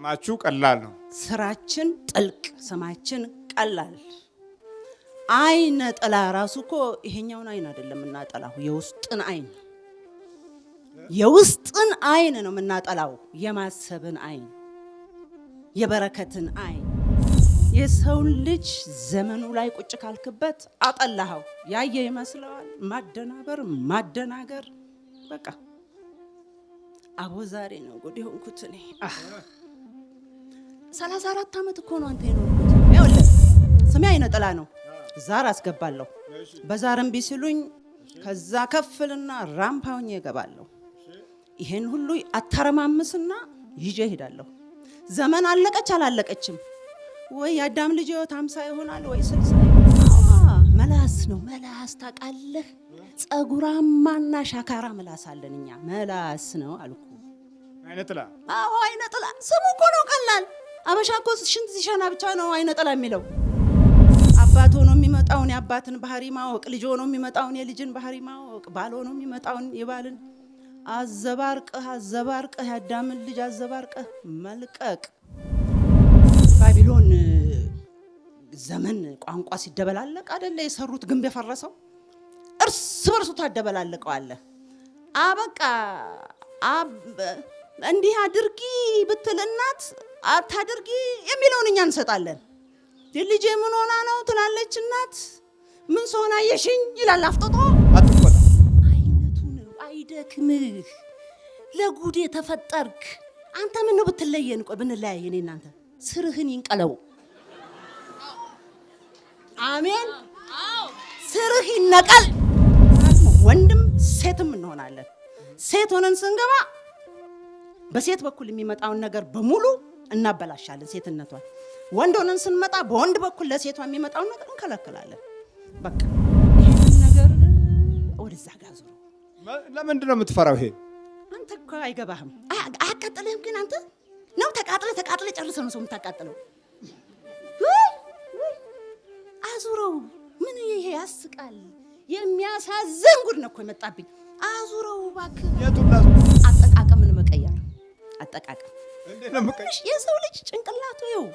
ስማችሁ ቀላል ነው። ስራችን ጥልቅ፣ ስማችን ቀላል። አይነ ጥላ ራሱ እኮ ይሄኛውን አይን አይደለም የምናጠላው፣ የውስጥን አይን የውስጥን አይን ነው የምናጠላው። የማሰብን አይን፣ የበረከትን አይን። የሰውን ልጅ ዘመኑ ላይ ቁጭ ካልክበት አጠላኸው። ያየ ይመስለዋል። ማደናበር፣ ማደናገር በቃ አቦ ዛሬ ነው ጉድ የሆንኩት እኔ። ሰላሳ አራት ዓመት እኮ ነው አንተ የኖርኩት። ስሜ አይነ ጥላ ነው። ዛር አስገባለሁ። በዛር እምቢ ሲሉኝ ከዛ ከፍልና ራምፓውኝ እገባለሁ። ይሄን ሁሉ አታረማምስና ይዤ እሄዳለሁ። ዘመን አለቀች አላለቀችም ወይ የአዳም ልጅ ህይወት ሀምሳ ይሆናል ወይ ስልሳ መላስ ነው መላስ ታውቃለህ። ጸጉራማና ሻካራ መላስ አለን እኛ። መላስ ነው አልኩ። አይነ አዎ አይነ ስሙ እኮ ነው ቀላል አበሻ እኮ ሽንት ሲሸና ብቻ ነው አይነጠላ የሚለው። አባት ሆኖ የሚመጣውን የአባትን ባህሪ ማወቅ፣ ልጅ ሆኖ የሚመጣውን የልጅን ባህሪ ማወቅ፣ ባል ሆኖ የሚመጣውን የባልን አዘባርቀህ አዘባርቀህ ያዳምን ልጅ አዘባርቀህ መልቀቅ። ባቢሎን ዘመን ቋንቋ ሲደበላለቅ አደለ የሰሩት ግንብ የፈረሰው እርስ በርሱ ታደበላልቀዋለህ። አበቃ እንዲህ አድርጊ ብትል እናት አታድርጊ የሚለውን እኛ እንሰጣለን። የልጄ ምን ሆና ነው ትላለች እናት። ምን ሰሆን አየሽኝ ይላል አፍጥጦ። አይነቱ ነው አይደክምህ። ለጉድ የተፈጠርክ አንተ ምን ነው ብትለየን? ቆይ ብንለያየ እኔ እናንተ ስርህን ይንቀለው። አሜን። ስርህ ይነቀል። ወንድም ሴትም እንሆናለን። ሴት ሆነን ስንገባ በሴት በኩል የሚመጣውን ነገር በሙሉ እናበላሻለን ሴትነቷን። ወንድ ሆነን ስንመጣ በወንድ በኩል ለሴቷ የሚመጣውን ነገር እንከለክላለን። በቃ ነገር ወደዛ ጋዙ። ለምንድን ነው የምትፈራው? ይሄ አንተ እኮ አይገባህም፣ አያቃጥልህም። ግን አንተ ነው ተቃጥለ ተቃጥለ ጨርሰ ነው ሰው የምታቃጥለው። አዙረው ምን ይሄ ያስቃል። የሚያሳዝን ጉድ ነው እኮ የመጣብኝ። አዙረው እባክህ አጠቃቀምን መቀየር አጠቃቀም የሰው ልጅ ጭንቅላቱ ይኸው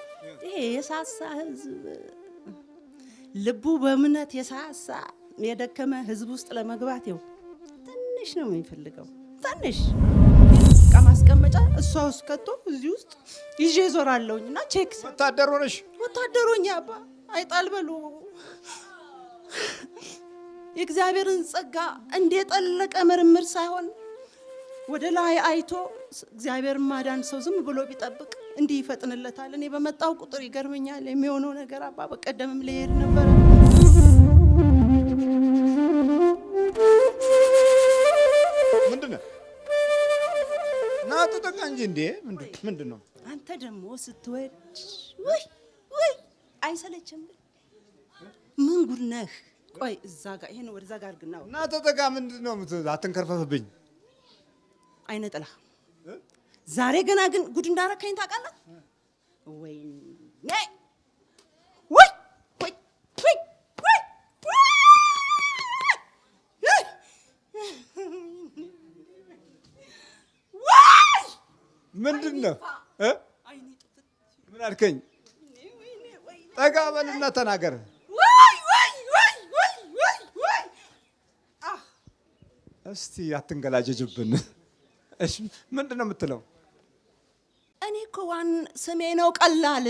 ይሄ የሳሳ ህዝብ ልቡ በእምነት የሳሳ የደከመ ህዝብ ውስጥ ለመግባት ይኸው ትንሽ ነው የሚፈልገው። ትንሽ ቃ ማስቀመጫ እሷ ውስጥ ከቶ እዚህ ውስጥ ይዤ ዞራለሁኝ እና ቼክ ወታደር ሆነሽ ወታደሮኛ አባ አይጣል በሉ የእግዚአብሔርን ጸጋ እንደ ጠለቀ ምርምር ሳይሆን ወደ ላይ አይቶ እግዚአብሔር ማዳን ሰው ዝም ብሎ ቢጠብቅ እንዲህ ይፈጥንለታል። እኔ በመጣው ቁጥር ይገርመኛል የሚሆነው ነገር። አባ በቀደምም ሊሄድ ነበረ ምንድነው እንጂ እንዴ ምንድን ነው አንተ ደግሞ ስትወድ ወይ ወይ አይሰለችም። ምን ጉድ ነህ? ቆይ እዛ ጋር ይሄን ወደዛ ጋር አድርግና ናቱ ጠቃ ምንድን ነው አትንከርፈፍብኝ አይነ ጥላ ዛሬ ገና ግን ጉድ እንዳረካኝ ታውቃለህ ወይ? ምንድን ነው? ምን አልከኝ? ጠጋ በልና ተናገር። እስቲ አትንገላጀጅብን። እሺ፣ ምንድን ነው የምትለው? እኔ እኮ ዋን ስሜ ነው ቀላል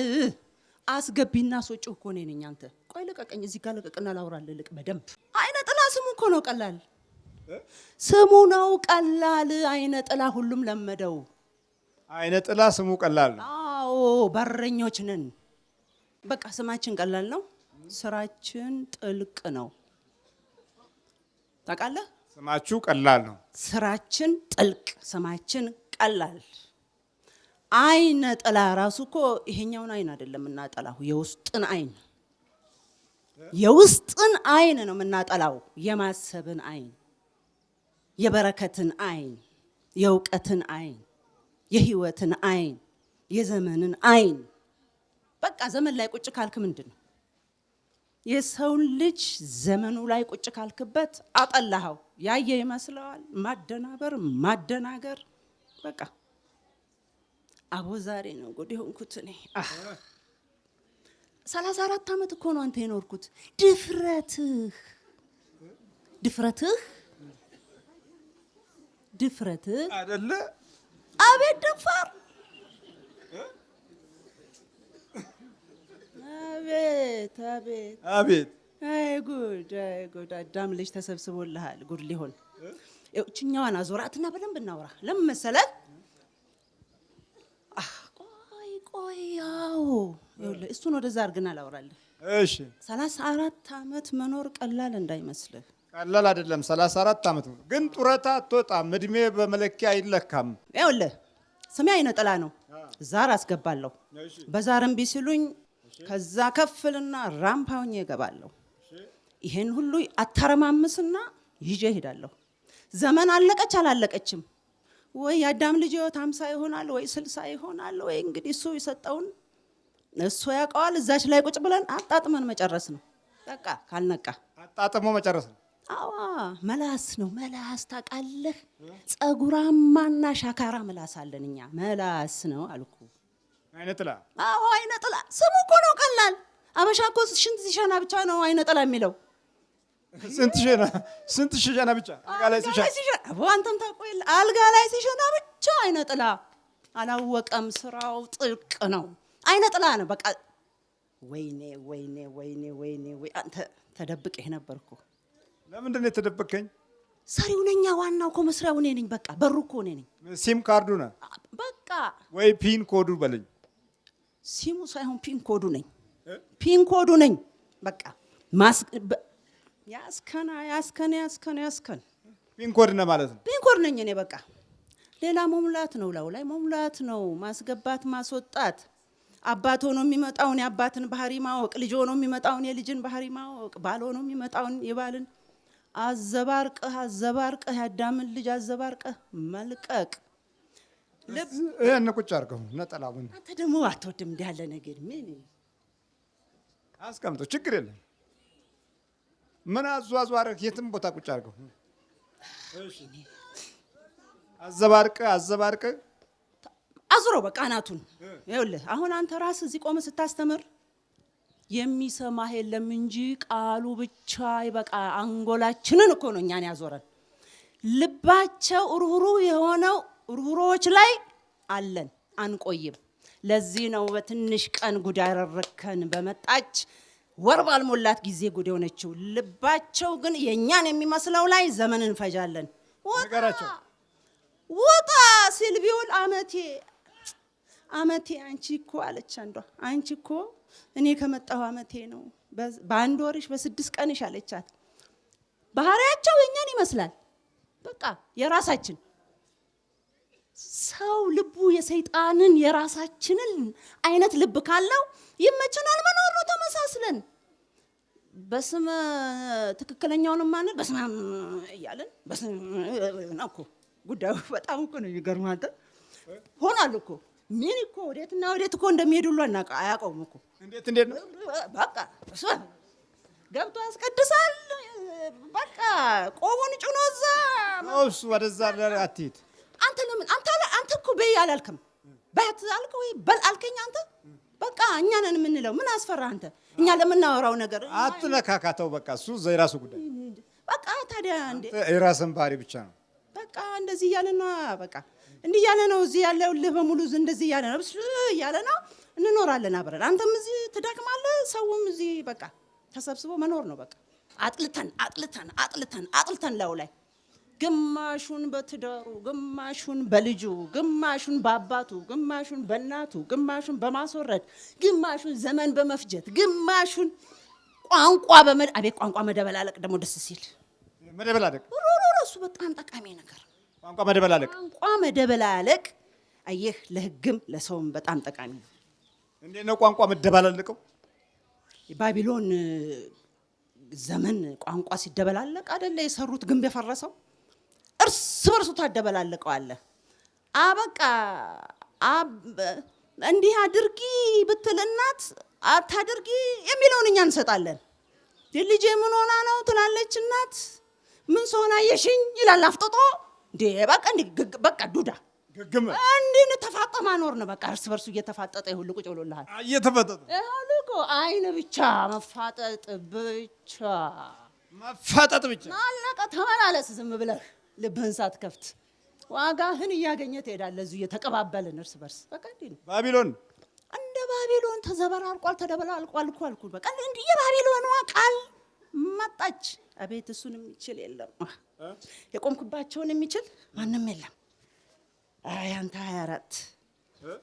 አስገቢና ሶጭ እኮ ነኝ ነኝ። አንተ ቆይ ልቀቀኝ፣ እዚህ ጋር ልቀቅና ላውራ ልልቅ በደንብ አይነ ጥላ ስሙ እኮ ነው ቀላል ስሙ ነው ቀላል አይነ ጥላ ሁሉም ለመደው። አይነ ጥላ ስሙ ቀላል። አዎ በረኞች ነን። በቃ ስማችን ቀላል ነው፣ ስራችን ጥልቅ ነው። ታውቃለህ ስማችሁ ቀላል ነው። ስራችን ጥልቅ፣ ስማችን ቀላል። አይነ ጥላ ራሱ እኮ ይሄኛውን አይን አይደለም የምናጠላው፣ የውስጥን አይን የውስጥን አይን ነው የምናጠላው። የማሰብን አይን፣ የበረከትን አይን፣ የእውቀትን አይን፣ የህይወትን አይን፣ የዘመንን አይን። በቃ ዘመን ላይ ቁጭ ካልክ ምንድን ነው የሰውን ልጅ ዘመኑ ላይ ቁጭ ካልክበት አጠላኸው። ያየ ይመስለዋል። ማደናበር፣ ማደናገር በቃ አቦ ዛሬ ነው ጉድ የሆንኩት እኔ። ሰላሳ አራት ዓመት እኮ ነው አንተ የኖርኩት። ድፍረትህ ድፍረትህ ድፍረትህ አይደለ? አቤት ደፋር አቤት አቤት አቤት! አይ ጉድ አይ ጉድ! አዳም ልጅ ተሰብስቦልሃል። ጉድ ሊሆን እችኛዋን አዞራትና በደንብ እናውራ። ለምን መሰለህ? ቆይ ቆይ፣ ያው እሱን ወደዛ አድርግና ላውራለህ። እሺ። ሰላሳ አራት አመት መኖር ቀላል እንዳይመስልህ። ቀላል አይደለም። ሰላሳ አራት አመት ግን ጡረታ አትወጣም። እድሜ በመለኪያ አይለካም። ይኸውልህ ስሜ አይነ ነው። ዛር አስገባለሁ። በዛርም ቢስሉኝ ከዛ ከፍልና ራምፓውኝ እገባለሁ። ይሄን ሁሉ አተረማምስና ይዤ እሄዳለሁ። ዘመን አለቀች አላለቀችም ወይ የአዳም ልጅ ህይወት ሀምሳ ይሆናል ወይ ስልሳ ይሆናል ወይ እንግዲህ እሱ የሰጠውን እሱ ያውቀዋል። እዛች ላይ ቁጭ ብለን አጣጥመን መጨረስ ነው። በቃ ካልነቃ አጣጥሞ መጨረስ ነው። አዋ መላስ ነው መላስ ታውቃለህ። ጸጉራማና ሻካራ መላስ አለን እኛ። መላስ ነው አልኩ። አይነ ጥላ። አዎ አይነ ጥላ ስሙ እኮ ነው ቀላል። አበሻ እኮ ሽንት ሲሸና ብቻ ነው አይነ ጥላ የሚለው። ስንት ሸና ስንት ሸና ብቻ አልጋ ላይ ሲሸና አንተም ታውቀው የለ አልጋ ላይ ሲሸና ብቻ አይነ ጥላ። አላወቀም ስራው ጥልቅ ነው። አይነ ጥላ ነው በቃ። ወይኔ ወይኔ ወይኔ ወይኔ ወይ አንተ ተደብቄህ ለምንድን ነው የተደበቀኝ? ሰሪው ዋናው እኮ መስሪያው እኔ ነኝ። በቃ በሩ እኮ እኔ ነኝ። ሲም ካርዱ በቃ ወይ ፒን ኮዱ በለኝ ሲሙ ሳይሆን ፒንኮዱ ነኝ፣ ፒንኮዱ ነኝ። በቃ ያስከና ያስከን ያስከን ያስከን ፒንኮድ ነ ማለት ነው። ፒንኮድ ነኝ እኔ በቃ ሌላ መሙላት ነው፣ ላው ላይ መሙላት ነው፣ ማስገባት ማስወጣት። አባት ሆኖ የሚመጣውን የአባትን ባህሪ ማወቅ፣ ልጅ ሆኖ የሚመጣውን የልጅን ባህሪ ማወቅ፣ ባል ሆኖ የሚመጣውን የባልን አዘባርቀህ አዘባርቀህ ያዳምን ልጅ አዘባርቀህ መልቀቅ ይሄን ቁጭ አድርገው ነጠላውን። አንተ ደግሞ አትወድም እንዲህ ያለ ነገር። ምን አስቀምጦ ችግር የለም። ምን አዟዟርህ? የትም ቦታ ቁጭ አድርገው። አዘባርቅ አዘባርቅ አዙሮ በቃ አናቱን። ይኸውልህ አሁን አንተ ራስህ እዚህ ቆመህ ስታስተምር የሚሰማህ የለም እንጂ ቃሉ ብቻ ይበቃ። አንጎላችንን እኮ ነው እኛን ያዞረን። ልባቸው ሩህሩህ የሆነው ሩሮዎች ላይ አለን፣ አንቆይም። ለዚህ ነው በትንሽ ቀን ጉዳ ያረረከን በመጣች ወር ባልሞላት ጊዜ ጉድ የሆነችው። ልባቸው ግን የእኛን የሚመስለው ላይ ዘመን እንፈጃለን። ወጣ ሲል ቢውል አመቴ አመቴ አንቺ እኮ አለች አንዷ። አንቺ እኮ እኔ ከመጣሁ አመቴ ነው፣ በአንድ ወርሽ በስድስት ቀንሽ አለቻት። ባህሪያቸው የእኛን ይመስላል። በቃ የራሳችን ሰው ልቡ የሰይጣንን የራሳችንን አይነት ልብ ካለው ይመችናል መኖሩ ተመሳስለን በስም ትክክለኛውን ማን በስም እያለን በስም እኮ ጉዳዩ። በጣም እኮ ነው የሚገርመው። አንተ ሆኗል እኮ ምን እኮ ወዴትና ወዴት እኮ እንደሚሄድ ሁሉ አያውቀውም እኮ እንዴት እንዴት ነው በቃ ገብቶ ያስቀድሳል። በቃ ቆቡን ጭኖ እዛ ወደዛ አትሄድ አንተ ለምን አንተ አንተ እኮ በይ አላልክም ባት አልክ ወይ በል አልከኝ አንተ በቃ እኛ ነን የምንለው ምን አስፈራ አንተ እኛ ለምናወራው ነገር አትነካካተው በቃ እሱ የራሱ ጉዳይ በቃ ታዲያ እንዴ የራስን ባህሪ ብቻ ነው በቃ እንደዚህ እያለ ነው በቃ እንዲህ እያለ ነው እዚህ ያለው ልህ በሙሉ እንደዚህ እያለ ነው እያለ ነው እንኖራለን አብረን አንተም እዚህ ትደክማለህ ሰውም እዚህ በቃ ተሰብስቦ መኖር ነው በቃ አጥልተን አጥልተን አጥልተን አጥልተን ላይ ግማሹን በትዳሩ ግማሹን በልጁ ግማሹን በአባቱ ግማሹን በእናቱ ግማሹን በማስወረድ ግማሹን ዘመን በመፍጀት ግማሹን ቋንቋ በመድ አቤት ቋንቋ መደበላለቅ ደግሞ ደስ ሲል መደበላለቅ ሮሮሮሱ በጣም ጠቃሚ ነገር ቋንቋ መደበላለቅ ቋንቋ መደበላለቅ አየህ ለህግም ለሰውም በጣም ጠቃሚ ነው። እንዴት ነው ቋንቋ መደበላለቀው? የባቢሎን ዘመን ቋንቋ ሲደበላለቅ አይደለ የሰሩት ግንብ የፈረሰው እርስ በርሱ ታደበላልቀዋለህ። አበቃ እንዲህ አድርጊ ብትል እናት አታድርጊ የሚለውን እኛ እንሰጣለን። ልጄ ምን ሆና ነው ትላለች እናት። ምን ሰሆና የሽኝ ይላል አፍጥጦ። እንዴ በቃ በቃ ዱዳ ግግም እንዲህ እንተፋጠማ ኖር ነው በቃ እርስ በርሱ እየተፋጠጠ ይሁን ልቁጭ ብሎልሃል። እየተፋጠጠ አይን ብቻ መፋጠጥ ብቻ መፋጠጥ ብቻ አለቀ። ተመላለስ ዝም ብለህ ልብህን ሳትከፍት ዋጋህን እያገኘ ትሄዳለህ። እዚሁ እየተቀባበልን እርስ በርስ በቃ እንዲህ ነው። ባቢሎን እንደ ባቢሎን ተዘበራርቋል፣ ተደበላልቋል እኮ አልኩህ። በቃ እንዲህ የባቢሎኗ ቃል መጣች። አቤት እሱን የሚችል የለም፣ የቆምክባቸውን የሚችል ማንም የለም። አይ አንተ 24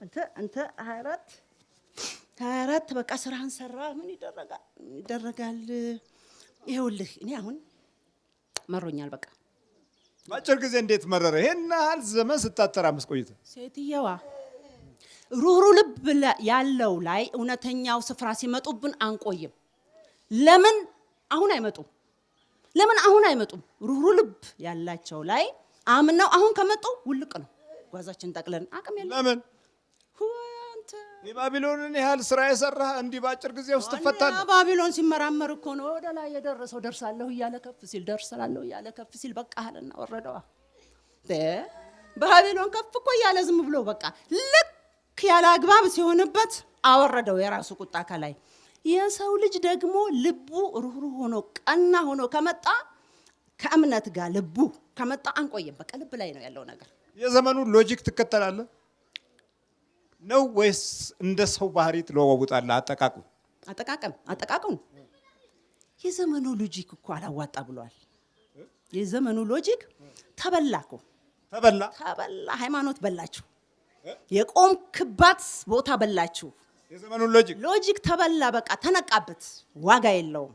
አንተ አንተ 24 24 በቃ ስራህን ሰራ። ምን ይደረጋል ይደረጋል። ይኸውልህ እኔ አሁን መሮኛል በቃ በአጭር ጊዜ እንዴት መረረ? ይሄን ያህል ዘመን ስታተራምስ ቆይተ ሴትየዋ ሩሩ ልብ ያለው ላይ እውነተኛው ስፍራ ሲመጡብን አንቆይም። ለምን አሁን አይመጡም? ለምን አሁን አይመጡም? ሩሩ ልብ ያላቸው ላይ አምናው አሁን ከመጡ ውልቅ ነው ጓዛችን ጠቅለን አቅም የለም። ለምን የባቢሎንን ያህል ስራ የሰራ እንዲህ በአጭር ጊዜ ውስጥ ትፈታል። ባቢሎን ሲመራመር እኮ ነው ወደ ላይ የደረሰው። ደርሳለሁ እያለ ከፍ ሲል ደርሳለሁ እያለ ከፍ ሲል በቃ አለና ወረደዋ። ባቢሎን ከፍ እኮ እያለ ዝም ብሎ በቃ ልክ ያለ አግባብ ሲሆንበት አወረደው የራሱ ቁጣ ከላይ። የሰው ልጅ ደግሞ ልቡ ሩህሩህ ሆኖ ቀና ሆኖ ከመጣ ከእምነት ጋር ልቡ ከመጣ አንቆየም በቃ ልብ ላይ ነው ያለው ነገር። የዘመኑን ሎጂክ ትከተላለህ ነው ወይስ እንደ ሰው ባህሪ ትለዋውጣለህ? አጠቃቀም አጠቃቀም አጠቃቀም የዘመኑ ሎጂክ እኮ አላዋጣ ብሏል። የዘመኑ ሎጂክ ተበላ እኮ ተበላ ተበላ። ሃይማኖት በላችሁ፣ የቆምክባት ቦታ በላችሁ። የዘመኑ ሎጂክ ሎጂክ ተበላ፣ በቃ ተነቃበት። ዋጋ የለውም።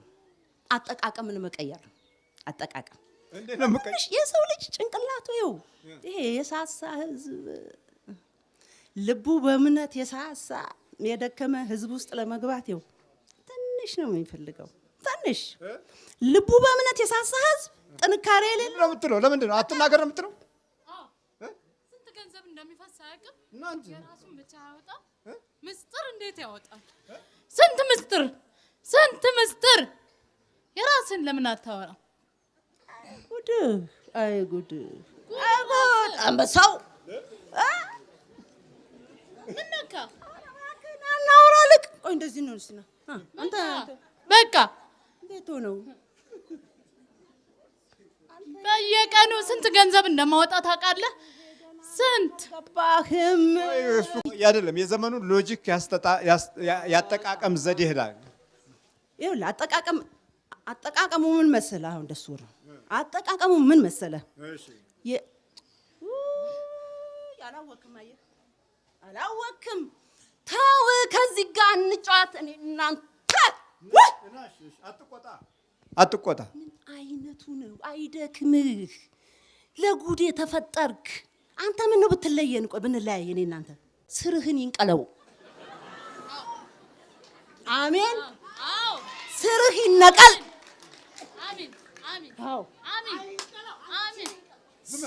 አጠቃቀምን መቀየር አጠቃቀም የሰው ልጅ ጭንቅላቱ ይኸው ይሄ የሳሳ ህዝብ ልቡ በእምነት የሳሳ የደከመ ህዝብ ውስጥ ለመግባት ይው ትንሽ ነው የሚፈልገው። ትንሽ ልቡ በእምነት የሳሳ ህዝብ ጥንካሬ የሌለ ነው የምትለው። ለምንድን ነው አትናገር ነው የምትለው? ስንት ገንዘብ እንደሚፈስ አያውቅም። የራሱን ብቻ ያወጣ ምስጥር እንዴት ያወጣል? ስንት ምስጥር ስንት ምስጥር የራስን ለምን አታወራ? ጉድ! አይ ጉድ! አንበሳው በቃ በየቀኑ ስንት ገንዘብ እንደማወጣ ታውቃለህ? ስንት ባህም አይደለም። የዘመኑን ሎጂክ ያጠቃቀም ዘዴ ይሄዳል። ይኸውልህ አጠቃቀም አጠቃቀሙ ምን መሰለህ? አሁን እንደሱ ነው። አጠቃቀሙ ምን መሰለህ? እሺ አላወክም። ተው ከዚህ ጋር እንጫወት። እናንተ አትቆጣ። ምን አይነቱ ነው? አይደክምህ? ለጉዴ ተፈጠርክ አንተ። ምን ነው ብትለየን? ቆይ ብንለያየ እኔ እናንተ ስርህን ይንቀለው። አሜን። ስርህ ይነቀል።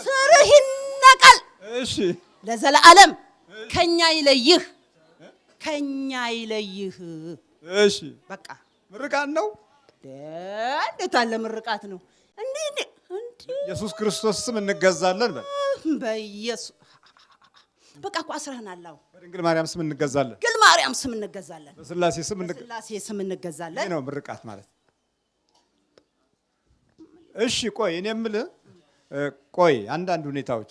ስርህ ይነቀል። እሺ ለዘለዓለም ከኛ ይለይህ፣ ከኛ ይለይህ። እሺ በቃ ምርቃት ነው። እንዴት አለ ምርቃት ነው። እንዴ እንዴ! ኢየሱስ ክርስቶስ ስም እንገዛለን። በኢየሱስ በቃ እኮ አስረህን አላው። በድንግል ማርያም ስም እንገዛለን። ድንግል ማርያም ስም እንገዛለን። በስላሴ ስም እንገዛለን። ስም እንገዛለን። ነው ምርቃት ማለት። እሺ ቆይ እኔ የምልህ ቆይ አንዳንድ ሁኔታዎች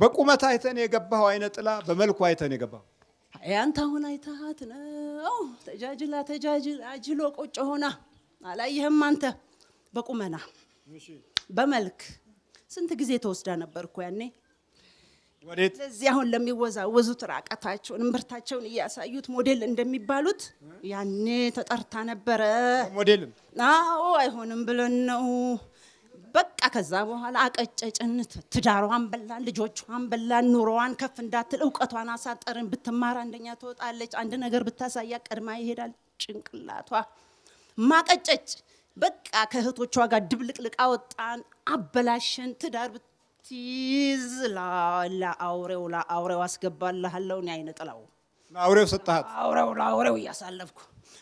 በቁመት አይተን የገባው አይነ ጥላ በመልኩ አይተን የገባው ያንተ አሁን አይተሃት ነው ተጃጅላ ተጃጅላ አጅሎ ቆጮ ሆና አላየህም አንተ በቁመና በመልክ ስንት ጊዜ ተወስዳ ነበርኩ ያኔ ለዚህ አሁን ለሚወዛወዙት ራቀታቸውን እምብርታቸውን እያሳዩት ሞዴል እንደሚባሉት ያኔ ተጠርታ ነበረ ሞዴልም አዎ አይሆንም ብለን ነው በቃ ከዛ በኋላ አቀጨጭነት ትዳሯን በላን፣ ልጆቿን በላን፣ ኑሮዋን ከፍ እንዳትል እውቀቷን አሳጠርን። ብትማር አንደኛ ትወጣለች፣ አንድ ነገር ብታሳያ ቀድማ ይሄዳል ጭንቅላቷ። ማቀጨጭ በቃ ከእህቶቿ ጋር ድብልቅልቅ አወጣን፣ አበላሸን። ትዳር ብትይዝ ለአውሬው ለአውሬው አስገባልሃለሁ እኔ አይነ ጥላው ለአውሬው ሰጠሃት። አውሬው ለአውሬው እያሳለፍኩ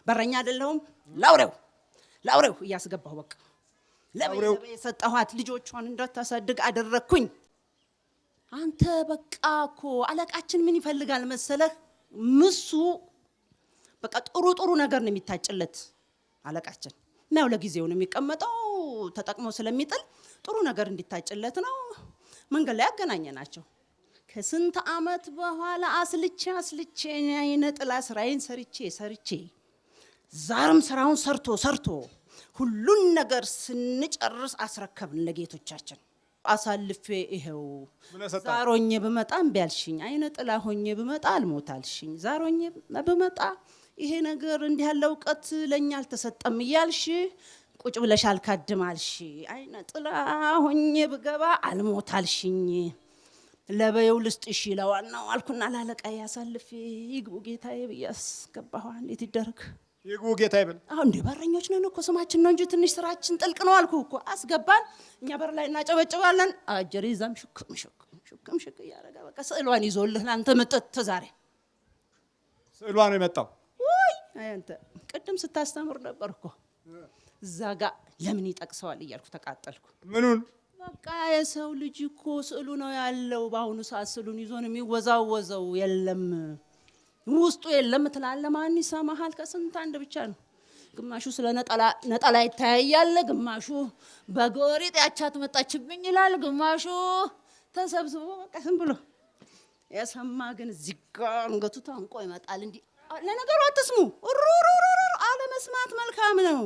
በረኛ አይደለሁም፣ ለአውሬው ለአውሬው እያስገባሁ በቃ ለቤተሰብ የሰጠኋት ልጆቿን እንዳታሳድግ አደረግኩኝ። አንተ በቃ እኮ አለቃችን ምን ይፈልጋል መሰለህ? ምሱ በቃ ጥሩ ጥሩ ነገር ነው የሚታጭለት አለቃችን እና ያው ለጊዜው ነው የሚቀመጠው ተጠቅሞ ስለሚጥል ጥሩ ነገር እንዲታጭለት ነው። መንገድ ላይ ያገናኘ ናቸው። ከስንት ዓመት በኋላ አስልቼ አስልቼ አይነ ጥላ ስራዬን ሰርቼ ሰርቼ ዛርም ስራውን ሰርቶ ሰርቶ ሁሉን ነገር ስንጨርስ አስረከብን ለጌቶቻችን። አሳልፌ ይኸው ዛሮኜ ብመጣ እምቢ አልሽኝ፣ አይነ ጥላ ሆኜ ብመጣ አልሞት አልሽኝ፣ ዛሮኜ ብመጣ ይሄ ነገር እንዲህ ያለ እውቀት ለእኛ አልተሰጠም እያልሽ ቁጭ ብለሽ አልካድም አልሽ፣ አይነ ጥላ ሆኜ ብገባ አልሞት አልሽኝ፣ ለበየው ልስጥሽ ለዋናው አልኩና ላለቃ ያሳልፌ ይግቡ ጌታዬ ብዬ አስገባኋ። እንዴት ይደረግ? ይግቡ ጌታ ይበል። አሁን እንደ በረኞች ነን እኮ ስማችን ነው እንጂ ትንሽ ስራችን ጥልቅ ነው አልኩ እኮ። አስገባን፣ እኛ በር ላይ እናጨበጭባለን። አጀሬ ዛም ሽክም ሽክም ሽክም ሽክ እያደረገ በቃ ስዕሏን ይዞልህ አንተ መጠጥ ዛሬ ስዕሏ ነው የመጣው። ውይ አንተ ቅድም ስታስተምር ነበር እኮ እዛ ጋ ለምን ይጠቅሰዋል እያልኩ ተቃጠልኩ። ምኑን በቃ የሰው ልጅ እኮ ስዕሉ ነው ያለው። በአሁኑ ሰዓት ስዕሉን ይዞን የሚወዛወዘው የለም ውስጡ የለም ትላለ። ማን ይሰማሃል? ከስንት አንድ ብቻ ነው። ግማሹ ስለ ነጠላ ይተያያለ፣ ግማሹ በጎሪጥ ያቻ መጣችብኝ ይላል፣ ግማሹ ተሰብስቦ በቃ ዝም ብሎ የሰማ ግን እዚህ አንገቱ ታንቆ ይመጣል። እንዲ ለነገሩ አትስሙ። ሩሩሩሩ አለመስማት መልካም ነው።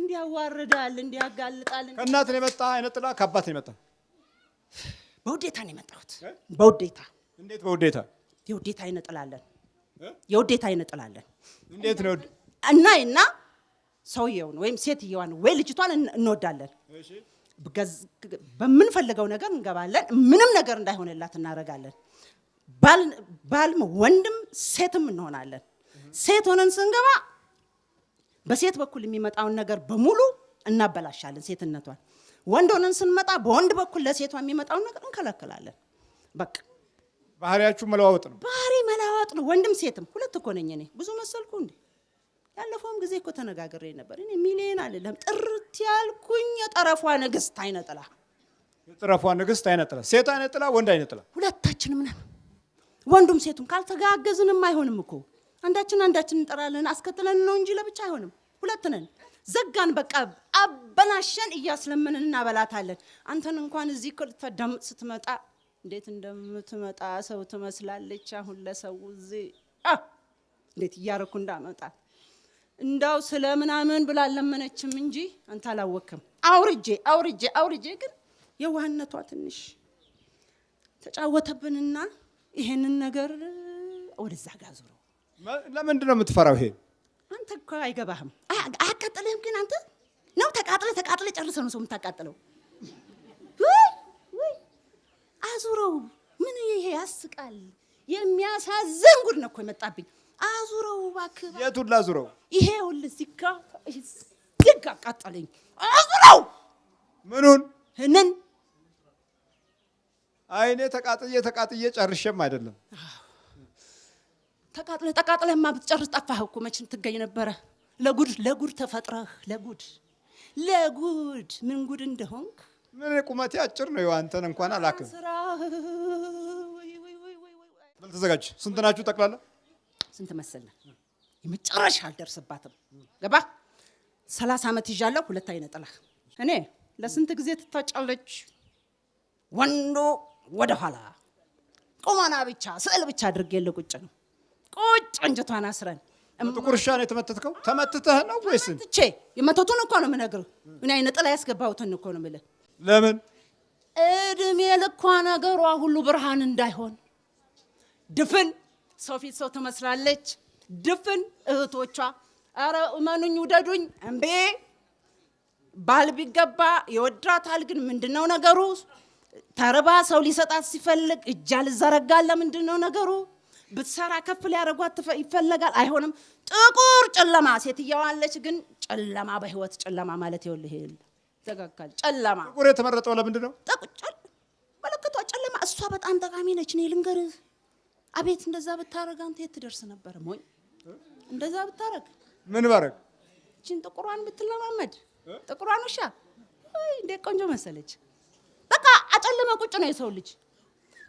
እንዲያዋርዳል፣ እንዲያጋልጣል። ከእናት ነው የመጣ አይነት ጥላ፣ ከአባት ነው የመጣ በውዴታ ነው የመጣሁት። በውዴታ እንዴት? በውዴታ የውዴታ አይነት ጥላለን የውዴታ ይነጥላለን። እንዴት ነው እና እና ሰውየውን ወይም ሴትየዋን ወይ ልጅቷን እንወዳለን። በምንፈልገው ነገር እንገባለን። ምንም ነገር እንዳይሆንላት እናደርጋለን። ባልም ወንድም ሴትም እንሆናለን። ሴት ሆነን ስንገባ በሴት በኩል የሚመጣውን ነገር በሙሉ እናበላሻለን ሴትነቷን። ወንድ ሆነን ስንመጣ በወንድ በኩል ለሴቷ የሚመጣውን ነገር እንከለክላለን። በቃ ባህሪያችሁ መለዋወጥ ነው። ባህሪ መለዋወጥ ነው። ወንድም ሴትም ሁለት እኮ ነኝ እኔ። ብዙ መሰልኩ እንዴ? ያለፈውም ጊዜ እኮ ተነጋግሬ ነበር። እኔ ሚሊዮን አይደለም ጥርት ያልኩኝ የጠረፏ ንግስት አይነጥላ፣ የጠረፏ ንግስት አይነጥላ፣ ሴት አይነጥላ፣ ወንድ አይነጥላ፣ ሁለታችንም ነን። ወንዱም ሴቱም ካልተጋገዝንም አይሆንም እኮ አንዳችን አንዳችን እንጠራለን። አስከትለን ነው እንጂ ለብቻ አይሆንም። ሁለት ነን። ዘጋን፣ በቃ አበላሸን። እያስለመንን እናበላታለን። አንተን እንኳን እዚህ ስትመጣ እንዴት እንደምትመጣ ሰው ትመስላለች። አሁን ለሰው እዚህ እንዴት እያረኩ እንዳመጣት እንዳው ስለ ምናምን ብላ አልለመነችም እንጂ አንተ አላወክም አውርጄ አውርጄ አውርጄ ግን የዋህነቷ ትንሽ ተጫወተብንና ይሄንን ነገር ወደዛ ጋር ዞሮ ለምንድን ነው የምትፈራው? ይሄ አንተ እኮ አይገባህም፣ አያቃጥልህም። ግን አንተ ነው ተቃጥለ ተቃጥለ ጨርሰ ነው ሰው የምታቃጥለው አዙረው ምን ይሄ ያስቃል። የሚያሳዝን ጉድ ነው እኮ የመጣብኝ። አዙረው እባክህ። የቱን ላዙረው? ይሄ እዚህ ጋ ዝግ አቃጠለኝ። አዙረው ምኑን? እንን አይኔ ተቃጥዬ ተቃጥዬ ጨርሼም አይደለም ተቃጥለ ተቃጥለህማ ብትጨርስ ጠፋህ እኮ መቼም ትገኝ ነበረ። ለጉድ ለጉድ ተፈጥረህ ለጉድ ለጉድ ምን ጉድ እንደሆንክ ምን ቁመቴ አጭር ነው። አንተን እንኳን አላክም። ተዘጋጅ። ስንት ናችሁ ጠቅላላ? ስንት መሰለህ? የመጨረሻ አልደርስባትም። ገባ ሰላሳ ዓመት ይዣለሁ። ሁለት አይነ ጥላ እኔ ለስንት ጊዜ ትታጫለች። ወንዶ ወደኋላ ቁመና ብቻ ስዕል ብቻ አድርጌ የለ ቁጭ ነው ቁጭ አንጀቷን አስረን ጥቁር ሻ ነው የተመተትከው። ተመትተህ ነው ወይስ? የመተቱን እኮ ነው የምነግርህ። እኔ አይነ ጥላ ያስገባሁትን እኮ ነው የምልህ ለምን እድሜ ልኳ ነገሯ ሁሉ ብርሃን እንዳይሆን ድፍን ሰው ፊት ሰው ትመስላለች። ድፍን እህቶቿ ኧረ እመኑኝ ውደዱኝ እምቤ ባል ቢገባ ይወዳታል። ግን ምንድነው ነገሩ? ተርባ ሰው ሊሰጣት ሲፈልግ እጅ አልዘረጋል። ለምንድነው ነገሩ? ብትሰራ ከፍ ሊያደርጓት ይፈለጋል። አይሆንም። ጥቁር ጨለማ ሴትየዋለች። ግን ጨለማ በህይወት ጨለማ ማለት ይኸውልህ ይዘጋጋል። ጨለማ ጥቁር የተመረጠው ለምንድን ነው? መለከቷ ጨለማ። እሷ በጣም ጠቃሚ ነች። እኔ ልንገርህ፣ አቤት እንደዛ ብታረግ አንተ የት ትደርስ ነበር? ሞኝ እንደዛ ብታረግ ምን ባረግ? እችን ጥቁሯን ብትለማመድ ጥቁሯን ውሻ እንዴት ቆንጆ መሰለች። በቃ አጨለመ ቁጭ ነው የሰው ልጅ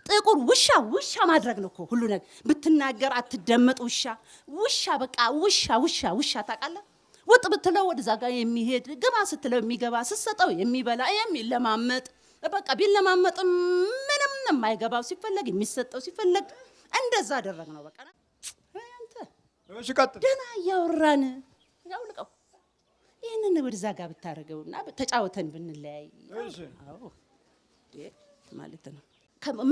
ጥቁር ውሻ ውሻ ማድረግ ነው እኮ ሁሉ ነገር። ብትናገር አትደመጥ ውሻ ውሻ በቃ ውሻ ውሻ ውሻ ታውቃለህ ውጥ ብትለው ወደዛ ጋር የሚሄድ ግባ ስትለው የሚገባ ስትሰጠው የሚበላ የሚለማመጥ በቃ ቢለማመጥ ምንም የማይገባው ሲፈለግ የሚሰጠው ሲፈለግ እንደዛ አደረግ ነው። በቃ ደህና እያወራን ያው ይህንን ወደዛ ጋር ብታደርገውና ተጫወተን ብንለያይ ማለት ነው።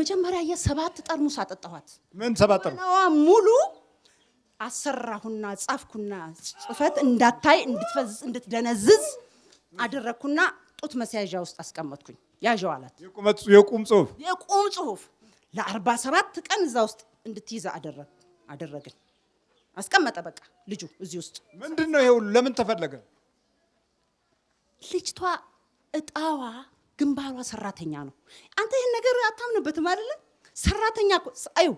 መጀመሪያ የሰባት ጠርሙስ አጠጣኋት። ምን ሰባት ጠርሙስ ሙሉ አሰራሁና ጻፍኩና ጽፈት እንዳታይ እንድትደነዝዝ አደረግኩና ጡት መስያዣ ውስጥ አስቀመጥኩኝ። ያዣው አላት። የቁም ጽሁፍ የቁም ጽሁፍ ለአርባ ሰባት ቀን እዛ ውስጥ እንድትይዛ አደረግን። አስቀመጠ በቃ ልጁ እዚህ ውስጥ ምንድን ነው ይሄ ሁሉ ለምን ተፈለገ? ልጅቷ እጣዋ ግንባሯ ሰራተኛ ነው። አንተ ይህን ነገር አታምንበትም አይደለ? ሰራተኛ አዩ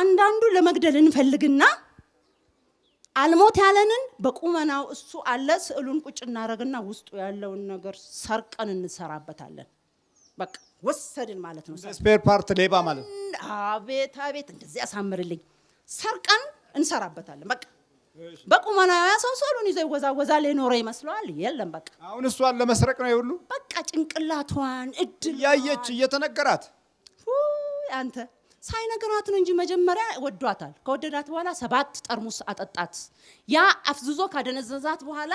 አንዳንዱ ለመግደል እንፈልግና አልሞት ያለንን በቁመናው እሱ አለ። ስዕሉን ቁጭ እናደረግና ውስጡ ያለውን ነገር ሰርቀን እንሰራበታለን። በቃ ወሰድን ማለት ነው። ስፔር ፓርት ሌባ ማለት አቤት አቤት፣ እንደዚህ ያሳምርልኝ። ሰርቀን እንሰራበታለን። በቃ በቁመና ያ ሰው ስዕሉን ይዞ ይወዛወዛል። የኖረ ይመስለዋል። የለም በቃ አሁን እሷን ለመስረቅ ነው የሁሉ በቃ ጭንቅላቷን እድል ያየች እየተነገራት አንተ ሳይነግራት ነው እንጂ መጀመሪያ ወዷታል። ከወደዳት በኋላ ሰባት ጠርሙስ አጠጣት። ያ አፍዝዞ ካደነዘዛት በኋላ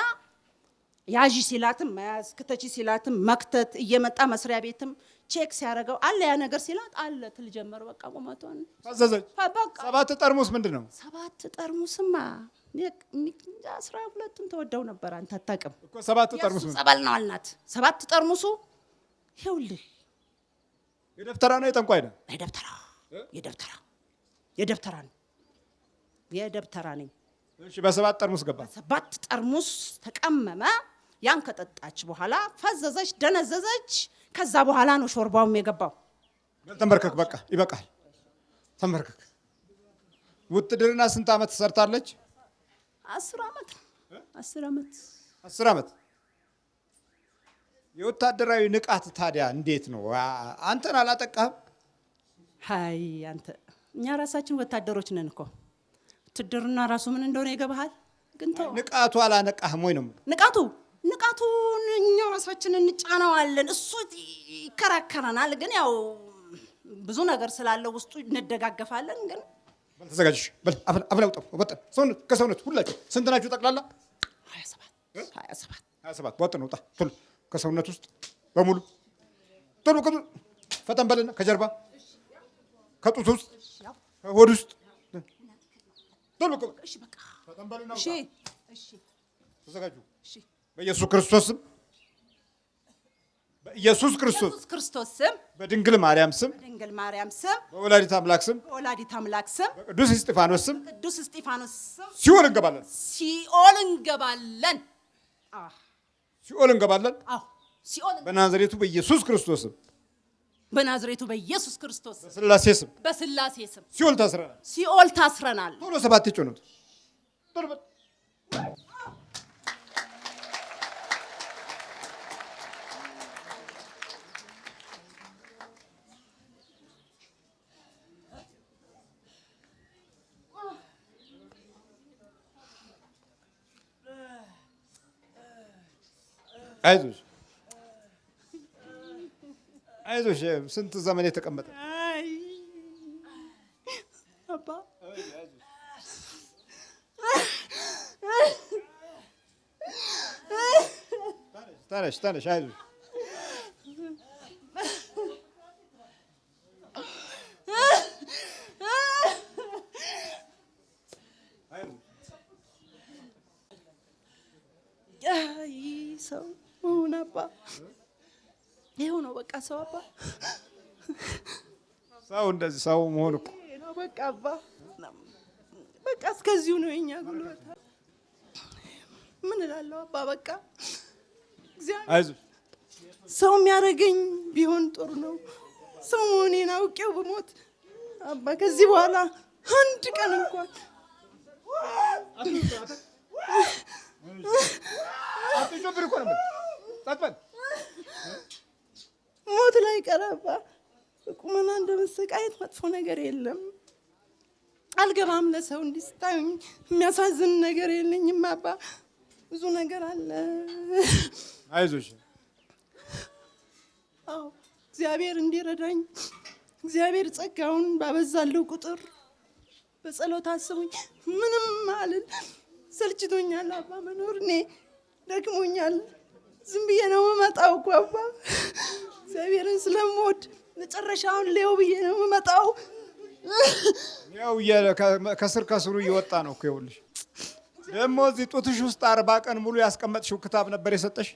ያዥ ሲላትም መያዝ፣ ክተቺ ሲላትም መክተት፣ እየመጣ መስሪያ ቤትም ቼክ ሲያደርገው አለ ያ ነገር ሲላት አለ ትል ጀመር። በቃ ቁመቷን ታዘዘች። ሰባት ጠርሙስ ምንድን ነው? ሰባት ጠርሙስማ አስራ ሁለቱን ተወደው ነበር። አንተ አታውቅም እኮ ሰባት ጠርሙስ ጸበል ነው አልናት። ሰባት ጠርሙሱ ይኸውልህ የደብተራ ነው የጠንቋይ ነው የደብተራ የደብተራ የደብተራ ነው የደብተራ ነኝ። እሺ በሰባት ጠርሙስ ገባ። ሰባት ጠርሙስ ተቀመመ። ያን ከጠጣች በኋላ ፈዘዘች፣ ደነዘዘች። ከዛ በኋላ ነው ሾርባውም የገባው። ተንበርከክ፣ በቃ ይበቃል። ተንበርከክ። ውትድርና ስንት ዓመት ሰርታለች? አስር ዓመት አስር ዓመት አስር ዓመት የወታደራዊ ንቃት ታዲያ እንዴት ነው? አንተን አላጠቃህም? ሀይ አንተ እኛ ራሳችን ወታደሮች ነን እኮ ውትድርና ራሱ ምን እንደሆነ ይገባሃል። ግን ተው ንቃቱ አላነቃህም ወይ ነው ንቃቱ ንቃቱ እኛው ራሳችን እንጫነዋለን። እሱ ይከራከረናል። ግን ያው ብዙ ነገር ስላለው ውስጡ እንደጋገፋለን። ግን ተዘጋጅሽ በል አፍን አውጣው ሰውነት ከሰውነት ሁላችሁ ስንት ናችሁ ጠቅላላ? ሀያ ሰባት ሀያ ሰባት ሀያ ሰባት ወጥ ነውጣ ቶሎ ከሰውነት ውስጥ በሙሉ ቶሎ ፈጠን በልና ከጀርባ ከጡት ውስጥ ከሆድ ውስጥ ተዘጋጁ። በኢየሱስ ክርስቶስ ስም በኢየሱስ ክርስቶስ ስም በድንግል ማርያም ስም በድንግል ማርያም ስም በወላዲት አምላክ ስም በወላዲት አምላክ ስም በቅዱስ እስጢፋኖስ ስም በቅዱስ እስጢፋኖስ ስም ሲኦል እንገባለን። ሲኦል እንገባለን። ሲኦል እንገባለን። በናዝሬቱ በኢየሱስ ክርስቶስ ስም በናዝሬቱ በኢየሱስ ክርስቶስ በስላሴ ስም በስላሴ ስም ሲኦል ታስረናል፣ ሲኦል ታስረናል። ቶሎ ሰባት ጭኑት። አይዞሽ አይዞሽ፣ ስንት ዘመን የተቀመጠ አባ ታነሽ ታነሽ አይዞሽ ነው እንደዚህ ሰው መሆን እኮ በቃ አባ በቃ እስከዚሁ ነው የኛ ጉልበት። ምን እላለሁ አባ በቃ እግዚአብሔር ሰው የሚያደርገኝ ቢሆን ጥሩ ነው። ሰው መሆኔን አውቄው በሞት አባ ከዚህ በኋላ አንድ ቀን እንኳን ሞት ላይ ቀረባ ቁመና እንደ መጥፎ ነገር የለም። አልገባም ለሰው እንዲስታዩኝ የሚያሳዝን ነገር የለኝም። አባ ብዙ ነገር አለ። አይዞሽ። አዎ እግዚአብሔር እንዲረዳኝ እግዚአብሔር ጸጋውን ባበዛለው ቁጥር በጸሎት አስቡኝ። ምንም አልል። ሰልችቶኛል አባ መኖር። እኔ ደክሞኛል። ዝም ብዬ ነው መጣው እኮ አባ እግዚአብሔርን ስለምወድ መጨረሻውን ሌው ብዬ ነው የምመጣው። ያው ከስር ከስሩ እየወጣ ነው እኮ ይኸውልሽ። ደግሞ እዚህ ጡትሽ ውስጥ አርባ ቀን ሙሉ ያስቀመጥሽው ክታብ ነበር የሰጠሽ?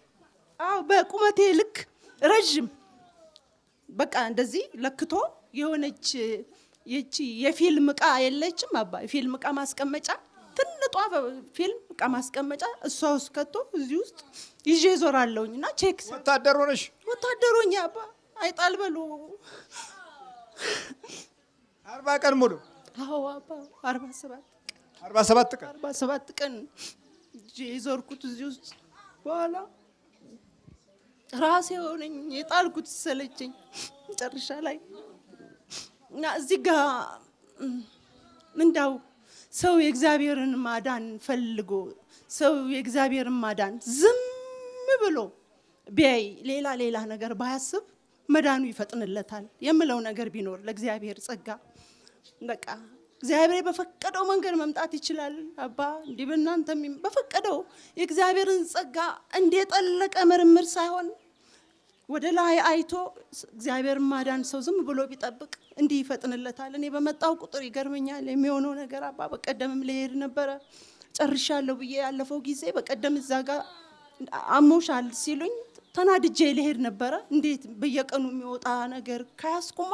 አዎ በቁመቴ ልክ ረዥም በቃ እንደዚህ ለክቶ የሆነች ይቺ የፊልም እቃ የለችም አባ፣ የፊልም እቃ ማስቀመጫ ትንጧ ፊልም እቃ ማስቀመጫ እሷ ውስጥ ከቶ እዚህ ውስጥ ይዤ ዞር አለውኝ እና ቼክ ወታደር ሆነሽ ወታደሮኝ አባ አይጣል በሉ። አርባ ቀን ሙሉ አዎ፣ አባ አርባ ሰባት አርባ ሰባት ቀን አርባ ሰባት ቀን እጄ የዞርኩት እዚህ ውስጥ በኋላ ራሴ ሆነኝ የጣልኩት ሰለቸኝ። መጨረሻ ላይ እና እዚህ ጋ እንዳው ሰው የእግዚአብሔርን ማዳን ፈልጎ ሰው የእግዚአብሔርን ማዳን ዝም ብሎ ቢያይ ሌላ ሌላ ነገር ባያስብ መዳኑ ይፈጥንለታል የምለው ነገር ቢኖር ለእግዚአብሔር ጸጋ በቃ እግዚአብሔር በፈቀደው መንገድ መምጣት ይችላል። አባ እንዲህ በእናንተ በፈቀደው የእግዚአብሔርን ጸጋ እንደ ምርምር ሳይሆን ወደ ላይ አይቶ እግዚአብሔር ማዳን ሰው ዝም ብሎ ቢጠብቅ እንዲህ ይፈጥንለታል። እኔ በመጣው ቁጥር ይገርመኛል የሚሆነው ነገር። አባ በቀደምም ልሄድ ነበረ ጨርሻለሁ ብዬ ያለፈው ጊዜ በቀደም እዛ ጋር አሞሻል ሲሉኝ ተናድጄ ልሄድ ነበረ። እንዴት በየቀኑ የሚወጣ ነገር ካያስቁማ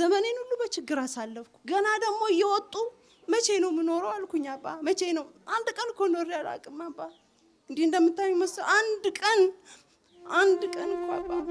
ዘመኔን ሁሉ በችግር አሳለፍኩ። ገና ደግሞ እየወጡ መቼ ነው የምኖረው አልኩኝ። አባ መቼ ነው አንድ ቀን እኮ ኖሬ አላውቅም። አባ እንዲህ እንደምታዩ መስ አንድ ቀን አንድ ቀን እኮ አባ